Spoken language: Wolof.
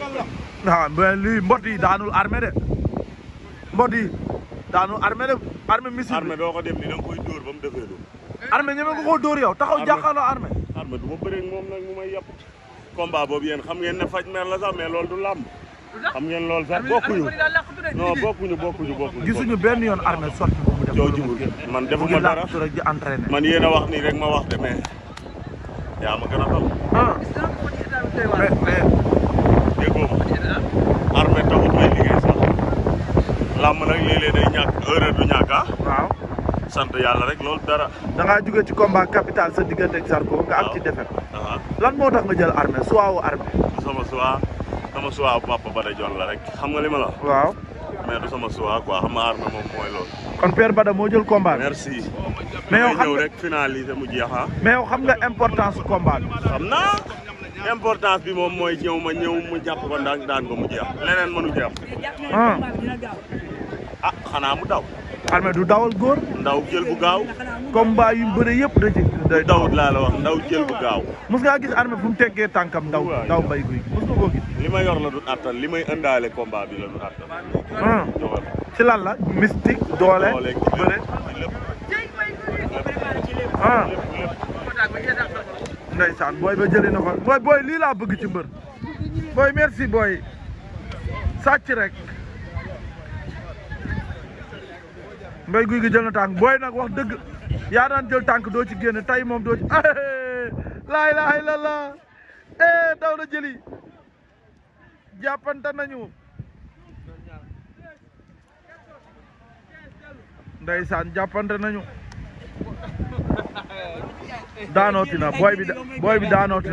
ah mais lii mbot yi daanul armé de mbot yi daanul armé de armé missile. armé doo ko dem ni da nga ba mu defee lu. armé ñeme nga koo dóor yow taxaw jàkkaarloo armé. armé du ma bëreeg moom nag mu may yàpp. combat boobu yéen xam ngeen ne faj mer la sax mais loolu du làmb. xam ngeen lool sax bokkuñu non bokkuñu bokkuñu bokkuñu. gisuñu benn yoon armé sotti bu man def. joo jubul man defuma dara yéen a wax nii rek ma wax de yaa ma gën a xam. Ah. mais làmb nag léeg-léeg day ñàkk erreur du ñàkk ah. waaw sant yàlla rek loolu dara. da ngaa ci combat capital sa diggante ak Zarko nga am ci defet lan moo tax nga jël armée soit wu armée. sama soit sama soit papa Bada Dione la rek xam nga li ma la. waaw mais du sama soit quoi xam nga moom mooy loolu. kon Père Bada moo jël combat merci. mais xam nga mu jeex ah. mais yow xam nga importance combat xam naa. importance bi moom mooy ñëw ma ñëw mu jàpp ko ndànk daan ko mu leneen mënu jeex. Hmm. ah xanaa mu daw. Armé du dawal góor. ndaw jël bu gaaw. combat yu bëre yëpp da ci day dawut laa la wax ndaw jël bu gaaw. mos ngaa gis Armé bu mu teggee tànkam ndaw. ndaw mbay guy mos nga koo gis. li ma yor la du attan li may indaale combat bi la du attan. Hmm. ci lan la mystique doole bëre. ndeysaan booy ba jëli na ko booy booy lii laa bëgg ci mbër booy merci booy sàcc rek mbay guy gi jël na tànk booy nag wax dëgg yaa daan jël tànk doo ci génn tey moom doo ci laa ilaaha illallah eh na jëli jàppante nañu ndeysaan jàppante nañu daanooti na booy bi booy bi daanooti na